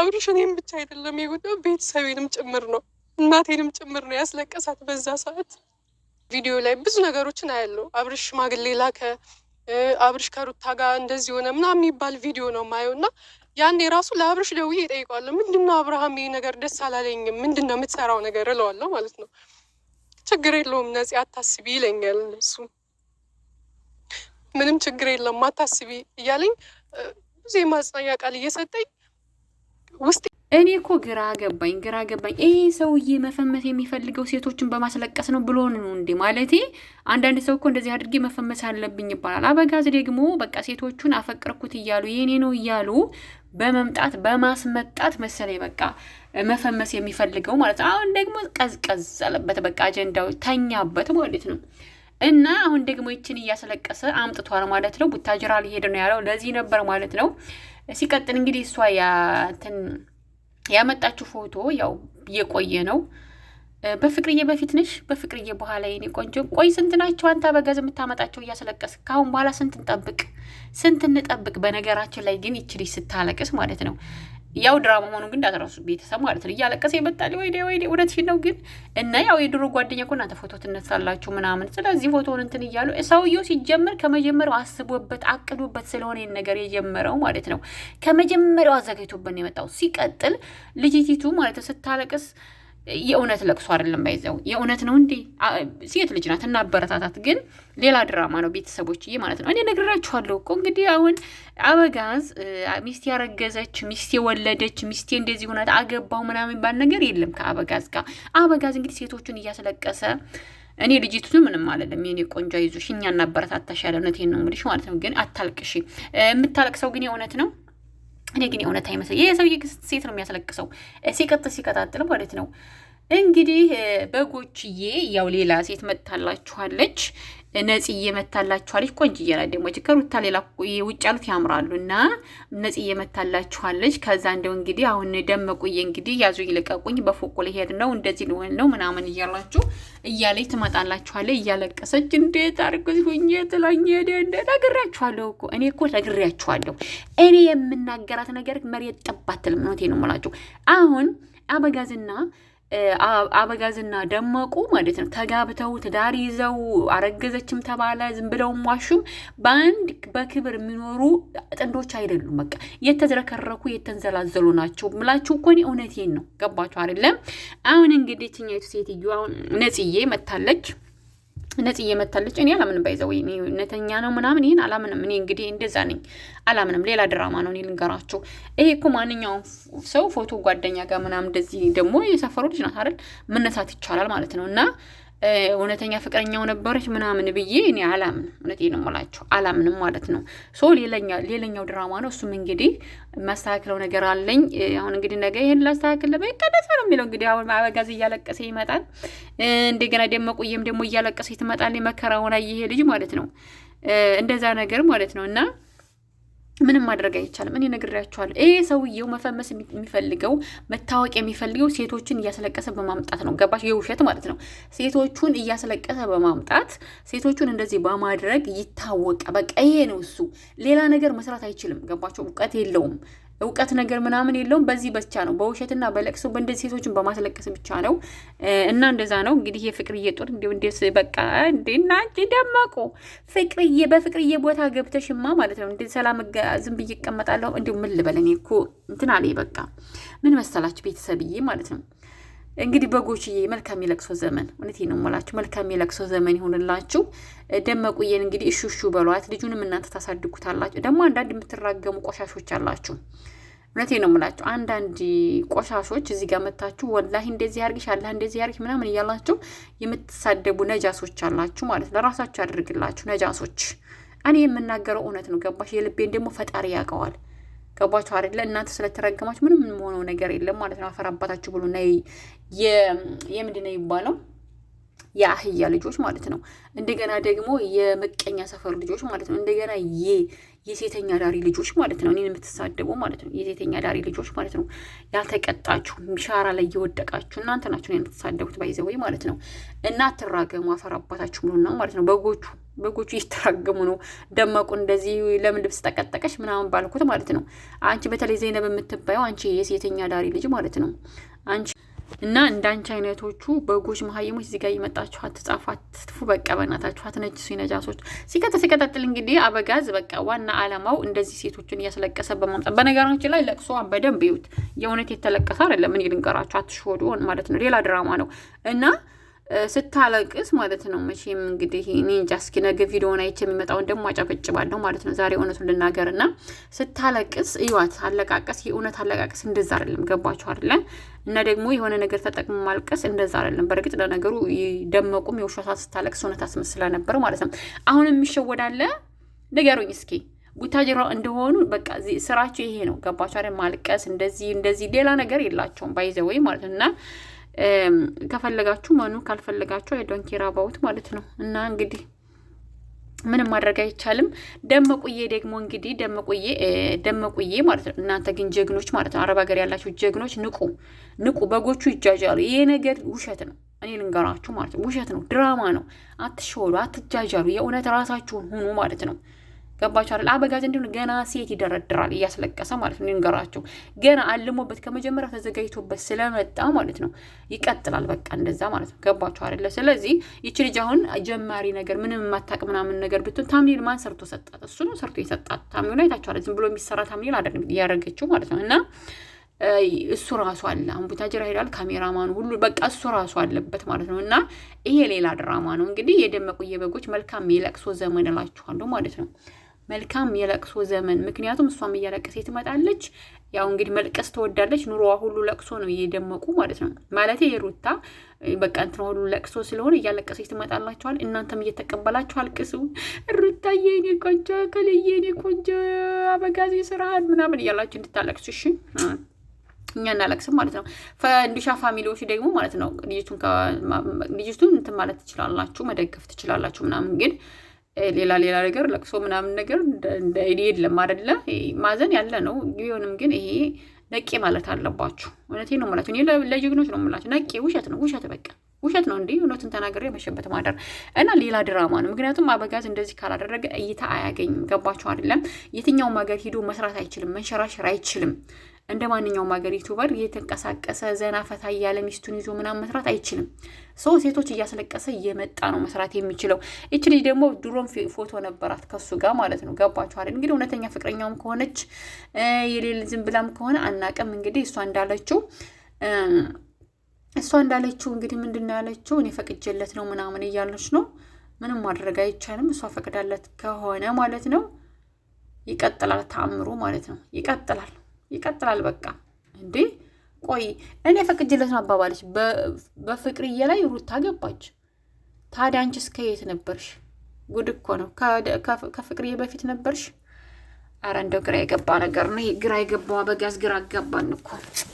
አብርሽ እኔም ብቻ አይደለም የጎዳው ቤተሰቤንም ጭምር ነው፣ እናቴንም ጭምር ነው ያስለቀሳት። በዛ ሰዓት ቪዲዮ ላይ ብዙ ነገሮችን አያለው። አብርሽ ሽማግሌ ላከ፣ አብርሽ ከሩታ ጋር እንደዚህ ሆነ ምናምን የሚባል ቪዲዮ ነው ማየው እና ያኔ ራሱ ለአብርሽ ደውዬ እጠይቀዋለሁ። ምንድነው አብርሃም ይሄ ነገር ደስ አላለኝም፣ ነው የምትሰራው ነገር እለዋለሁ ማለት ነው። ችግር የለውም ነፂ አታስቢ ይለኛል። እሱ ምንም ችግር የለም አታስቢ እያለኝ ብዙ የማጽናኛ ቃል እየሰጠኝ ውስጥ እኔ እኮ ግራ ገባኝ፣ ግራ ገባኝ። ይሄ ሰውዬ መፈመስ የሚፈልገው ሴቶችን በማስለቀስ ነው ብሎ ነው እንዴ? ማለት አንዳንድ ሰው እኮ እንደዚህ አድርጌ መፈመስ አለብኝ ይባላል። አበጋዝ ደግሞ በቃ ሴቶቹን አፈቅርኩት እያሉ የኔ ነው እያሉ በመምጣት በማስመጣት መሰለኝ በቃ መፈመስ የሚፈልገው ማለት ነው። አሁን ደግሞ ቀዝቀዝ አለበት፣ በቃ አጀንዳው ተኛበት ማለት ነው። እና አሁን ደግሞ ይችን እያስለቀሰ አምጥቷል ማለት ነው። ቡታጅራ ሊሄድ ነው ያለው ለዚህ ነበር ማለት ነው። ሲቀጥል እንግዲህ እሷ ያትን ያመጣችው ፎቶ ያው እየቆየ ነው። በፍቅርዬ በፊት ነሽ፣ በፍቅርዬ በኋላ የኔ ቆንጆ። ቆይ ስንት ናቸው አንተ በገዝ የምታመጣቸው እያስለቀስ? ከአሁን በኋላ ስንት እንጠብቅ፣ ስንት እንጠብቅ? በነገራችን ላይ ግን ይችልሽ ስታለቅስ ማለት ነው ያው ድራማ መሆኑ ግን እንዳትረሱ ቤተሰብ ማለት ነው። እያለቀሰ ይመጣል። ወይዴ ወይዴ፣ እውነትሽን ነው ግን እና ያው የድሮ ጓደኛ እኮ እናንተ ፎቶ ትነሳላችሁ ምናምን፣ ስለዚህ ፎቶውን እንትን እያሉ ሰውየው ሲጀምር ከመጀመሪያው አስቦበት አቅዶበት ስለሆነ ነገር የጀመረው ማለት ነው። ከመጀመሪያው አዘጋጅቶበት ነው የመጣው። ሲቀጥል ልጅቲቱ ማለት ነው ስታለቅስ የእውነት ለቅሶ አይደለም ባይዘው የእውነት ነው እንዴ? ሴት ልጅ ናት እና አበረታታት። ግን ሌላ ድራማ ነው ቤተሰቦችዬ ማለት ነው። እኔ ነግራችኋለሁ እኮ እንግዲህ አሁን አበጋዝ ሚስቴ ያረገዘች፣ ሚስቴ ወለደች፣ ሚስቴ እንደዚህ ሆናት፣ አገባው ምናምን ባል ነገር የለም ከአበጋዝ ጋር። አበጋዝ እንግዲህ ሴቶቹን እያስለቀሰ እኔ ልጅቱ ምንም አለለም የኔ ቆንጆ ይዞሽ እኛ እናበረታታሽ እውነቴን ነው እንግዲህ ማለት ነው። ግን አታልቅሽ። የምታለቅሰው ግን የእውነት ነው እኔ ግን የእውነት አይመስል ይህ ሰውዬ ሴት ነው የሚያስለቅሰው። ሲቀጥ ሲቀጣጥል ማለት ነው እንግዲህ በጎችዬ ያው ሌላ ሴት መጥታላችኋለች። ነጽዬ እየመታላችኋለች። ቆንጅዬ ናት ደግሞ ከሩታ ሌላ የውጭ ያሉት ያምራሉ። እና ነጽዬ እየመታላችኋለች። ከዛ እንደው እንግዲህ አሁን ደመቁዬ እንግዲህ ያዙ ይልቀቁኝ፣ በፎቁ ሊሄድ ነው፣ እንደዚህ ሊሆን ነው ምናምን እያላችሁ እያለች ትመጣላችኋለች እያለቀሰች። እንዴት አርግዝ ሁኜ ጥላኝ ሄደ። ነግሬያችኋለሁ እኮ እኔ እኮ ነግሬያችኋለሁ። እኔ የምናገራት ነገር መሬት ጠባትል ነው ነው የምላችሁ አሁን አበጋዝና አበጋዝና ደመቁ ማለት ነው ተጋብተው ትዳር ይዘው አረገዘችም ተባለ ዝም ዋሹም በአንድ በክብር የሚኖሩ ጥንዶች አይደሉም። በቃ የተዝረከረኩ የተንዘላዘሉ ናቸው ምላችሁ እኮ እኔ እውነቴን ነው። ገባችሁ አይደለም? አሁን እንግዲህ ትኛቱ ሴትዮ አሁን ነጽዬ መታለች። ነጽ እየመታለች እኔ አላምንም። ባይዘው ወይ እውነተኛ ነው ምናምን ይህን አላምንም። እኔ እንግዲህ እንደዛ ነኝ አላምንም። ሌላ ድራማ ነው። እኔ ልንገራችሁ፣ ይሄ እኮ ማንኛውም ሰው ፎቶ ጓደኛ ጋር ምናምን እንደዚህ ደግሞ የሰፈሩ ልጅ ናት አይደል መነሳት ይቻላል ማለት ነው እና እውነተኛ ፍቅረኛው ነበረች ምናምን ብዬ እኔ አላምን። እውነቴን ነው የምላችሁ አላምንም ማለት ነው። ሶ ሌላኛው ድራማ ነው። እሱም እንግዲህ መስተካክለው ነገር አለኝ። አሁን እንግዲህ ነገ ይህን ላስተካክል በይቀደሰ ነው የሚለው እንግዲህ። አሁን አበጋዝ እያለቀሰ ይመጣል። እንደገና ደመቁዬም ደግሞ እያለቀሰ ትመጣል። መከራውን አየሄ ልጅ ማለት ነው። እንደዛ ነገር ማለት ነው እና ምንም ማድረግ አይቻልም። እኔ ነግሬያቸዋለሁ። ይሄ ሰውየው መፈመስ የሚፈልገው መታወቅ የሚፈልገው ሴቶችን እያስለቀሰ በማምጣት ነው። ገባሽ? የውሸት ማለት ነው። ሴቶቹን እያስለቀሰ በማምጣት ሴቶቹን እንደዚህ በማድረግ ይታወቀ። በቃ ይሄ ነው እሱ። ሌላ ነገር መስራት አይችልም። ገባቸው? እውቀት የለውም። እውቀት ነገር ምናምን የለውም። በዚህ ብቻ ነው በውሸትና በለቅሶ በእንደዚህ ሴቶችን በማስለቀስ ብቻ ነው እና እንደዛ ነው እንግዲህ የፍቅርዬ ጦር እንዴስ በቃ እናንቺ ደመቁ ፍቅርዬ፣ በፍቅርዬ ቦታ ገብተሽማ ማለት ነው እንዴ ሰላም ዝም ብዬ እቀመጣለሁ እንዲሁ ምን ልበል እኔ እኮ እንትን አለ በቃ ምን መሰላችሁ ቤተሰብዬ ማለት ነው እንግዲህ በጎችዬ መልካም የለቅሶ ዘመን እውነት ነው ሞላችሁ። መልካም የለቅሶ ዘመን ይሆንላችሁ። ደመቁዬን እንግዲህ እሹሹ በሏት። ልጁንም እናንተ ታሳድጉታላችሁ። ደግሞ አንዳንድ የምትራገሙ ቆሻሾች አላችሁ። እውነቴ ነው አንዳንድ ቆሻሾች እዚህ ጋር መታችሁ ወላሂ እንደዚህ ያርግሽ አላህ እንደዚህ ያርግሽ ምናምን እያላችሁ የምትሳደቡ ነጃሶች አላችሁ ማለት ለራሳችሁ ያደርግላችሁ ነጃሶች። እኔ የምናገረው እውነት ነው ገባሽ? የልቤን ደግሞ ፈጣሪ ያውቀዋል። ገባችሁ አይደለ? እናንተ ስለተረገማችሁ ምንም የምሆነው ነገር የለም ማለት ነው። አፈር አባታችሁ ብሎ ና የምንድን ነው የሚባለው? የአህያ ልጆች ማለት ነው። እንደገና ደግሞ የመቀኛ ሰፈር ልጆች ማለት ነው። እንደገና የ የሴተኛ ዳሪ ልጆች ማለት ነው። እኔን የምትሳደቡ ማለት ነው። የሴተኛ ዳሪ ልጆች ማለት ነው። ያልተቀጣችሁ ሻራ ላይ እየወደቃችሁ እናንተ ናችሁ የምትሳደቡት ባይዘወይ ማለት ነው። እና አፈር አባታችሁ ብሎና ማለት ነው በጎቹ በጎቹ እየተራገሙ ነው። ደመቁ እንደዚህ ለምን ልብስ ጠቀጠቀሽ ምናምን ባልኩት ማለት ነው። አንቺ በተለይ ዘይነብ የምትባየው አንቺ የሴተኛ ዳሪ ልጅ ማለት ነው አንቺ እና እንዳንቺ አይነቶቹ በጎች መሀይሞች እዚህ ጋር እየመጣችሁ አትጻፉ፣ አትትፉ። በቃ በእናታችሁ አትነጅሱ ነጃሶች። ሲቀጥል ሲቀጣጥል እንግዲህ አበጋዝ በቃ ዋና አላማው እንደዚህ ሴቶችን እያስለቀሰ በማምጣት በነገራችን ላይ ለቅሶ በደንብ ይዩት። የእውነት የተለቀሰ አይደለም። እኔ ልንገራችሁ፣ አትሽወዱ ማለት ነው። ሌላ ድራማ ነው እና ስታለቅስ ማለት ነው። መቼም እንግዲህ እኔ እንጃ። እስኪ ነገ ቪዲዮውን አይቼ የሚመጣውን ደግሞ አጨበጭባለሁ ማለት ነው። ዛሬ እውነቱን ልናገር እና ስታለቅስ እዩዋት። አለቃቀስ የእውነት አለቃቀስ እንደዛ አይደለም። ገባችሁ አይደለ? እና ደግሞ የሆነ ነገር ተጠቅሞ ማልቀስ እንደዛ አይደለም። በእርግጥ ለነገሩ ደመቁም የውሻ ስታለቅስ እውነት አስመስላ ነበር ማለት ነው። አሁን የሚሸወዳለ ንገሩኝ እስኪ ቡታጅራ እንደሆኑ በቃ ስራቸው ይሄ ነው። ገባችሁ አይደል? ማልቀስ እንደዚህ እንደዚህ፣ ሌላ ነገር የላቸውም። ባይዘ ወይ ማለት ነው እና ከፈለጋችሁ መኑ ካልፈለጋችሁ አይዶን ባውት ማለት ነው። እና እንግዲህ ምንም ማድረግ አይቻልም። ደመቁዬ ደግሞ እንግዲህ ደመቁዬ ደመቁዬ ማለት ነው። እናንተ ግን ጀግኖች ማለት ነው። አረብ ሀገር ያላችሁ ጀግኖች ንቁ፣ ንቁ። በጎቹ ይጃጃሉ። ይሄ ነገር ውሸት ነው። እኔ ልንገራችሁ ማለት ነው። ውሸት ነው፣ ድራማ ነው። አትሸወሉ፣ አትጃጃሉ። የእውነት ራሳችሁን ሁኑ ማለት ነው። ገባቸው አይደል? አበጋዝ እንዲሁም ገና ሴት ይደረድራል እያስለቀሰ ማለት ነው። ንገራቸው ገና አልሞበት ከመጀመሪያ ተዘጋጅቶበት ስለመጣ ማለት ነው ይቀጥላል። በቃ እንደዛ ማለት ነው። ገባቸው አይደለ? ስለዚህ ይቺ ልጅ አሁን ጀማሪ ነገር ምንም የማታቅ ምናምን ነገር ብትሆን ታምኒል ማን ሰርቶ ሰጣት? እሱ ነው ሰርቶ የሰጣት። ታምኔል አይታቸዋለ ዝም ብሎ የሚሰራ ታምኒል አደ እያደረገችው ማለት ነው እና እሱ ራሱ አለ አሁን ቡታጅራ ሄዷል። ካሜራማኑ ሁሉ በቃ እሱ ራሱ አለበት ማለት ነው እና ይሄ ሌላ ድራማ ነው እንግዲህ የደመቁ የበጎች መልካም የለቅሶ ዘመን እላችኋለሁ ማለት ነው። መልካም የለቅሶ ዘመን። ምክንያቱም እሷም እያለቀሴ ትመጣለች። ያው እንግዲህ መልቀስ ትወዳለች። ኑሮዋ ሁሉ ለቅሶ ነው እየደመቁ ማለት ነው። ማለት የሩታ በቃ እንትና ሁሉ ለቅሶ ስለሆነ እያለቀሰች ትመጣላችኋል። እናንተም እየተቀበላችሁ አልቅሱ። ሩታ የኔ ቆንጆ ክል የኔ ቆንጆ አበጋዜ ስራህን ምናምን እያላችሁ እንድታለቅሱ እሺ። እኛ እናለቅስም ማለት ነው። ፈንዱሻ ፋሚሊዎች ደግሞ ማለት ነው ልጅቱን እንትን ማለት ትችላላችሁ፣ መደገፍ ትችላላችሁ ምናምን ግን ሌላ ሌላ ነገር ለቅሶ ምናምን ነገር እንደ የለም አደለ ማዘን ያለ ነው። ቢሆንም ግን ይሄ ነቄ ማለት አለባችሁ። እውነቴ ነው የምላችሁ እኔ ለጀግኖች ነው የምላችሁ። ነቄ ውሸት ነው ውሸት በቃ ውሸት ነው እንዲህ እውነትን ተናግሬ የመሸበት ማደር እና ሌላ ድራማ ነው። ምክንያቱም አበጋዝ እንደዚህ ካላደረገ እይታ አያገኝም። ገባችሁ አይደለም? የትኛውም ሀገር ሂዶ መስራት አይችልም፣ መንሸራሸር አይችልም። እንደ ማንኛውም ሀገር ዩቱበር እየተንቀሳቀሰ ዘና ፈታ እያለ ሚስቱን ይዞ ምናምን መስራት አይችልም። ሰው ሴቶች እያስለቀሰ እየመጣ ነው መስራት የሚችለው። ይች ልጅ ደግሞ ድሮም ፎቶ ነበራት ከሱ ጋር ማለት ነው። ገባችኋል? እንግዲህ እውነተኛ ፍቅረኛውም ከሆነች የሌል ዝም ብላም ከሆነ አናቅም። እንግዲህ እሷ እንዳለችው እሷ እንዳለችው እንግዲህ ምንድን ነው ያለችው? እኔ ፈቅጄለት ነው ምናምን እያለች ነው። ምንም ማድረግ አይቻልም። እሷ ፈቅዳለት ከሆነ ማለት ነው። ይቀጥላል፣ ተአምሩ ማለት ነው ይቀጥላል። ይቀጥላል። በቃ እንዴ ቆይ እኔ ፈቅጅለት ነው አባባለች። በፍቅርዬ ላይ ሩታ ገባች። ታዲያ አንቺስ ከየት ነበርሽ? ጉድ እኮ ነው። ከፍቅርዬ በፊት ነበርሽ? አረ እንደው ግራ የገባ ነገር ነው። ግራ የገባው አበጋዝ ግራ አጋባን እኮ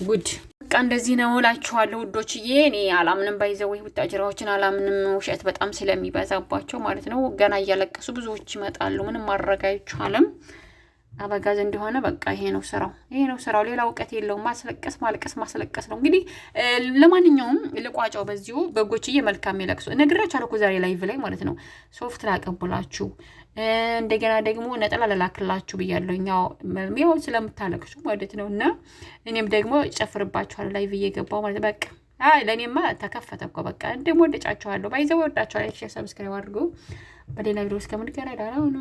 ጉድ። በቃ እንደዚህ ነው እላችኋለሁ ውዶችዬ። እኔ አላምንም ባይዘው ወይ ቡታጅራዎችን አላምንም። ውሸት በጣም ስለሚበዛባቸው ማለት ነው። ገና እያለቀሱ ብዙዎች ይመጣሉ። ምንም ማድረግ አይቻልም። አበጋዝ እንደሆነ በቃ ይሄ ነው ስራው፣ ይሄ ነው ስራው። ሌላ እውቀት የለውም። ማስለቀስ ማልቀስ ማስለቀስ ነው። እንግዲህ ለማንኛውም ልቋጫው በዚሁ በጎችዬ፣ መልካም ይለቅሱ። ነግራችኋለሁ እኮ ዛሬ ላይቭ ላይ ማለት ነው። ሶፍት ላቀብላችሁ፣ እንደገና ደግሞ ነጠላ ለላክላችሁ ብያለሁ። ያው ያው ስለምታለቅሱ ማለት ነው። እና እኔም ደግሞ ጨፍርባችኋለሁ ላይቭ እየገባው ማለት በቃ አይ ለእኔማ ተከፈተ እኮ በቃ። እንደም ወደጫችኋለሁ፣ ባይዘ ወዳችኋለሁ። ሰብስክራይብ አድርጉ። በሌላ ቪዲዮ እስከምንገናኝ ደህና ሁኑ።